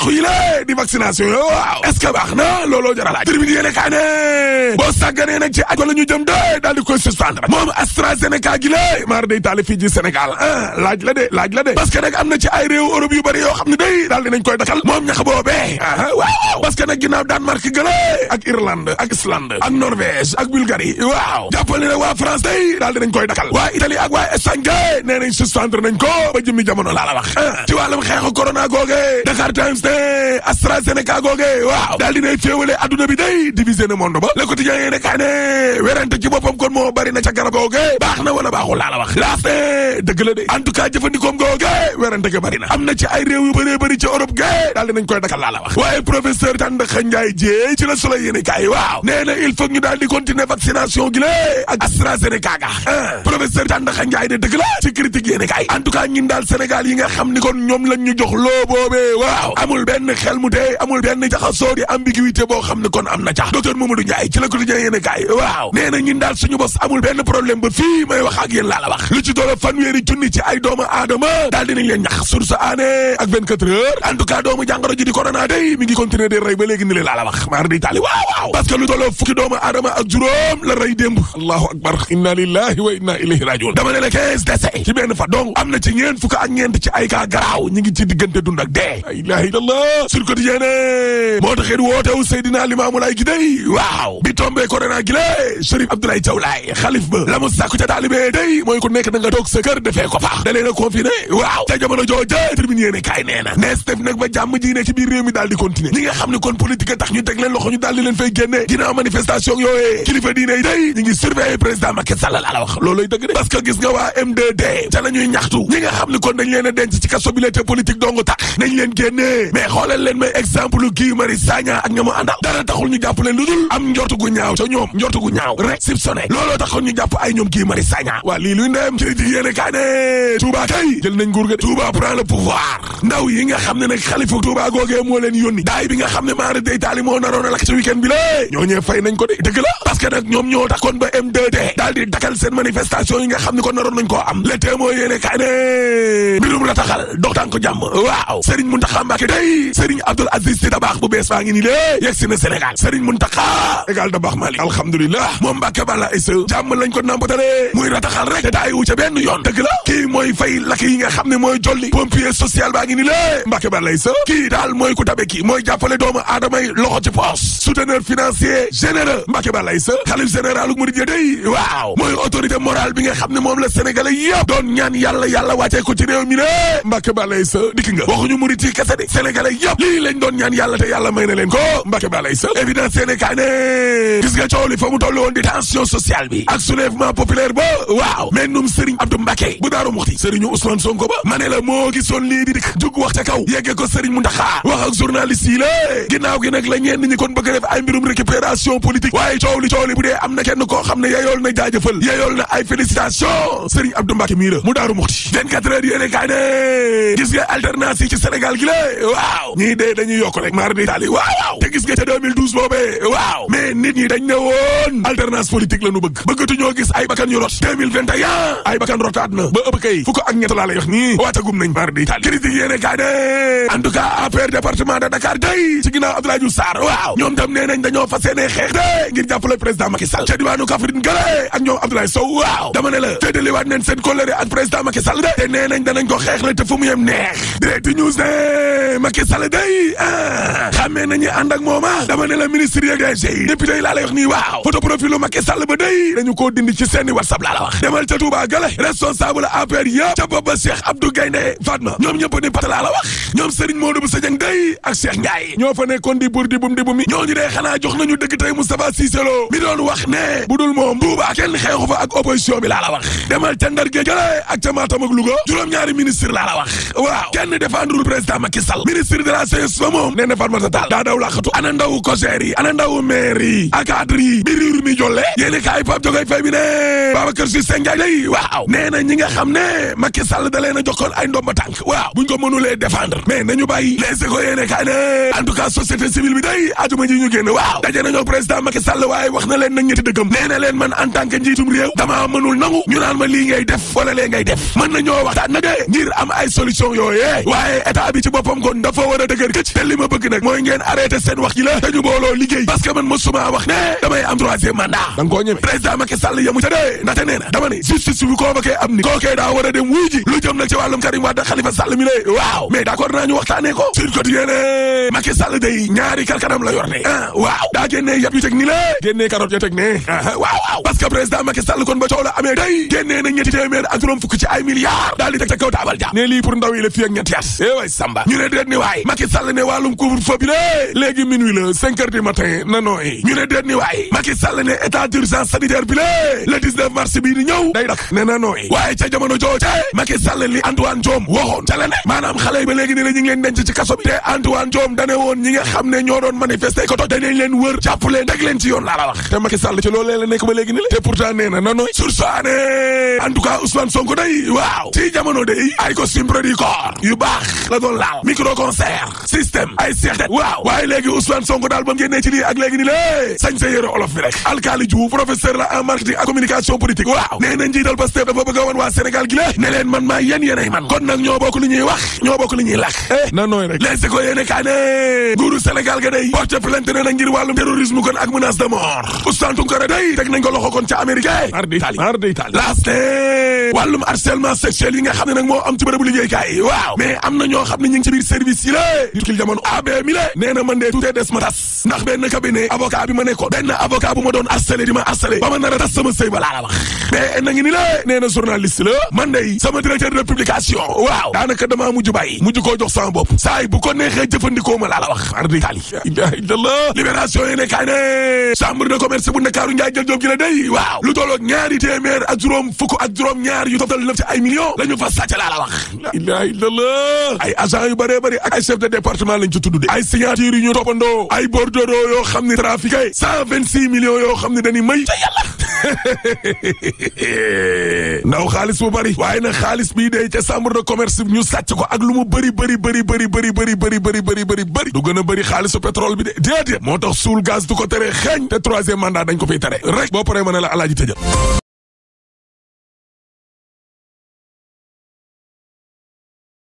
yàqu yi la yooyee di vaccination yo waaw est-ce que baax na looloo jar a laaj termine yéene ci ajo la daal di koy suspendre moom AstraZeneca gi maar day taale fii Sénégal ah laaj la laaj la de parce que nag am na ci ay réew Europe yu bëri yoo xam ne day daal dinañ koy dakal moom ñax boobee ah waaw parce que nag ginnaaw Danemark gële ak Irlande ak Islande ak Norvège ak Bulgarie waaw jàppal ne waa France day daal dinañ koy dakal waa Italie ak waa Espagne ga nee nañ suspendre AstraZeneca googee waaw daal dinay féewale adduna bi day divisé na monde ba le quotidien yéene kaa ci boppam kon moo bari na ca garab googee baax na wala baaxul laa la wax laas dëgg la de en tout cas jëfandikoom googee werante ga bari na ci ay réew yu bëree ci Europe gee daal dinañ koy dakal laa la wax waaye professeur Tandakha Ndiaye Dièye ci la solo yéene waaw nee na il faut ñu daal di continuer vaccination gi lée ak AstraZeneca ga professeur Tandakha Ndiaye de dëgg la ci critique yéene kaay en tout cas ñun daal Sénégal mu tey amul benn jaxasoo di ambiguïté boo xam ne kon am na ca docteur Mamadou Ndiaye ci la ko jëlee yéen a kaay waaw nee na ñun daal suñu bos amul benn problème ba fii may wax ak yéen laa la wax lu ci ji di corona day mi ngi continuer di rey ba léegi ni laa la wax maar di taali waaw waaw parce lu doole fukki doomu aadama ak juróom la rey démb allahu akbar inna lillahi wa inna ilayhi rajiun dama ne la 15 décès ci benn fa donc am na ci ñeent fukk ak ñeent ci ay kaa garaaw ñi ngi ci Quotidien moo tax it wootewu Seydina Limaamu Laay gi day waaw bi tombee korona gi lée Chérif Abdoulaye Thiaw Laay xalif la mu sàkku ca taalibe day mooy ku nekk na toog sa defee ko faax da leen a waaw ca jamono jooje terminé yéene kaay nee na nees def nag ba ci biir réew mi di continuer ñi nga xam ne kon politique tax ñu teg leen loxo ñu daal di leen fay génne ginnaaw manifestation yooyee kilifa diine yi ñu ngi surveiller président Macky Sall la wax may exemple Guy Marius Sagna ak ña mu àndal dara taxul ñu jàpp leen lu dul am njortu gu ñaaw ca ñoom njortu gu ñaaw rek soupçonné looloo taxoon ñu jàpp ay ñoom Guy Marius Sagna waa lii luy ndeem critique yéene kaa ne Touba kay jël nañ nguur ga Touba prend le pouvoir ndaw yi nga xam ne nag xalifa Touba googee moo leen yónni daay bi nga xam ne maara day taali moo naroon a lakk ci week bi lée ñoo ñee fay nañ ko de dëgg la parce que nag ñoom ñoo tax kon ba M2D yi nga xam ne ko naroon nañ koo am le témoin Abdoul Aziz Sy Dabakh bu bees baa ngi nii lé yegg na Sénégal Serigne Mountakha égal Dabakh Malick alhamdulilah moom Mbacké Balla Issa jàmm lañ ko nampatale muy rataxal rek te daayiwu ca benn yoon dëgg la kii mooy fay lakk yi nga xam ne mooy jolli pompier social baa ngi nii lé Mbacké Balla Issa kii daal mooy ku tabe kii mooy jàppale doomu aadama yi loxo ci poos souteneur financier généreux Mbacké Balla Issa xalif général murid ya day waaw mooy autorité morale bi nga xam ne moom la sénégalais yëpp doon ñaan yàlla yàlla wàccee ko ci réew mi ne Mbacké Balla Issa lii lañ doon ñaan yàlla te yàlla may leen ko mbake balay sal évidence yéene kaay ne coow li fa mu toll woon di tension sociale bi ak soulèvement populaire ba waaw mais num Serigne Abdou Mbacké bu daaru muxti Serigne Ousmane Sonko ba ma ne la moo gisoon lii di dikk jug wax ca kaw yeggee ko Serigne Mountakha wax ak journaliste yi la ginnaaw gi nag la ñenn ñi kon bëgg a def ay mbirum récupération politique waaye coow li coow li bu dee am na kenn koo xam na jaajëfal yeyool de dañuy yokk rek maar di taali waaw waaw te gis nga ca 2012 waaw mais nit ñi dañ ne woon alternance politique la ñu bëgg bëggatu ñoo gis ay bakkan yu rot 2021 ay bakkan rotaat na ba ëpp kay fukk ak ñett laa lay wax nii waatagum nañ maar di taali critique yéene kaa ne en tout cas APR Dakar day ci ginnaaw Abdoulaye Diouf waaw ñoom tam nee dañoo fas yéene xeex de ngir jàppale président Macky Sall ca diwaanu Kaffrine ak ñoom Abdoulaye day xammee nañu ànd ak mooma ah. dama ne la ministre yeeg DG yi député yi laa lay wax nii waaw photo profilu Macky Sall ba day dañu koo dindi ci seeni WhatsApp laa la wax demal ca Touba Gale responsable APR yëpp ca booba Cheikh Abdou Gaynde Fatma ñoom ñëpp di pat la wax ñoom Serigne Modou Bousso Dieng day ak Cheikh Ndiaye ñoo fa nekkoon di bur di bum di bumi ñooñu dee xanaa jox nañu dëgg tey Moustapha Cissé Lo wax ne bu dul moom Touba kenn xeexu fa ak opposition bés ba moom nee na Fatoumata Tall daa daw laqatu ana ndaw koseer yi ana ndaw maire yi ak yi bi riir mi jolle yéeni kaay Pape Diogoye Faye bi ne Babacar Cissé Ndiaye day waaw nee ñi nga xam ne Macky Sall da leen a jokkoon ay ndomba tànk waaw buñ ko mënulee défendre mais nañu bàyyi les écoles yéene kaay ne en tout cas bi day ajuma ji ñu génn waaw daje nañoo président Macky Sall waaye wax na leen nag ñetti dëggam nee leen man en tant njiitum réew damaa mënul a dëgër kër këc te li ma bëgg nag mooy ngeen arrêté seen wax ji la te ñu booloo liggéey parce que man mosuma wax ne damay am troisième mandat da nga ñeme président Macky Sall yamu ca dee ndaxte nee dama ne justice bu convoqué am ni kookee daa war a dem wuy ji lu jëm nag ci wàllum Karim Wade Khalifa Sall mi lay waaw mais d'accord naa ñu waxtaanee ko sur quotidien ne Macky Sall day ñaari karkanam la yor ne ah waaw daa génnee yat yu teg ni la génnee carotte yu teg ne ah waaw Sall ne wàllum couvre-feu bi de léegi minuit la cinq heures du matin na nooy ñu ne déet ni waay ne état d'urgence sanitaire bi le 19 mars bii di ñëw day dak ne na nooy waaye ca jamono jooje Macky Sall li Antoine Diome waxoon ca la maanaam xale yi ba léegi ne la ñu ngi leen denc ci kaso bi te Antoine Diome dane woon ñi nga xam ne ñoo doon manifester ko toj danañ leen wër jàpp leen teg ci yoon laa la wax te Macky Sall ci loolee la nekk ba léegi ne la te pourtant système ay seex de waaw waaye léegi Ousmane Sonko daal ba ci lii ak léegi ni lé sañ sa olof bi rek alkaali Diouf professeur la en marketing ak communication politique waaw nee na njiital Pastef dafa bëgg a wan waa Sénégal gi lée ne leen man maa yéen yéenay man kon nag ñoo bokk lu ñuy wax ñoo bokk lu ñuy lakk eh na nooy rek les écoles yéene kaa ne nguuru Sénégal ga day porte plainte ne na ngir wàllum terrorisme kon ak menace de mort Ousmane Tounkara wàllum harcèlement sexuel yi nga xam ne nag moo am ci bërëbu liggéeykaay yi waaw mais am na ñoo xam ne ñu ngi ci yi lée di kil jamono ab mi lée nee na des ma tas ndax benn cabinet avocat bi ma nekkoon benn avocat bu ma doon harcelé di ma harcelé ba ma nar a tas sama sëy ba laa la wax mais na ngi ni lée nee la man sama directeur de publication waaw daanaka damaa mujj bàyyi mujj koo jox sama bopp saa bu ko neexee jëfandikoo ma milliards yu ay millions la ñu fa sàcc laa la wax la ilaha ay agents yu bare bëri ak ay chef de département lañ ci tudd de ay signature yu ñu toppandoo ay bordereau yoo xam ne trafiqué cent vingt six millions yoo xam ne dañuy may te yàlla ndaw xaalis bu bëri waaye nag xaalis bii dee ca chambre de commerce ñu sàcc ko ak lu mu bëri bëri bëri bëri bëri bëri bëri bëri bëri bëri bëri du gën a bëri xaalisu pétrole bi de moo tax suul gaz du ko tere xeeñ te troisième mandat dañ ko fiy tere rek boo paree ma ne la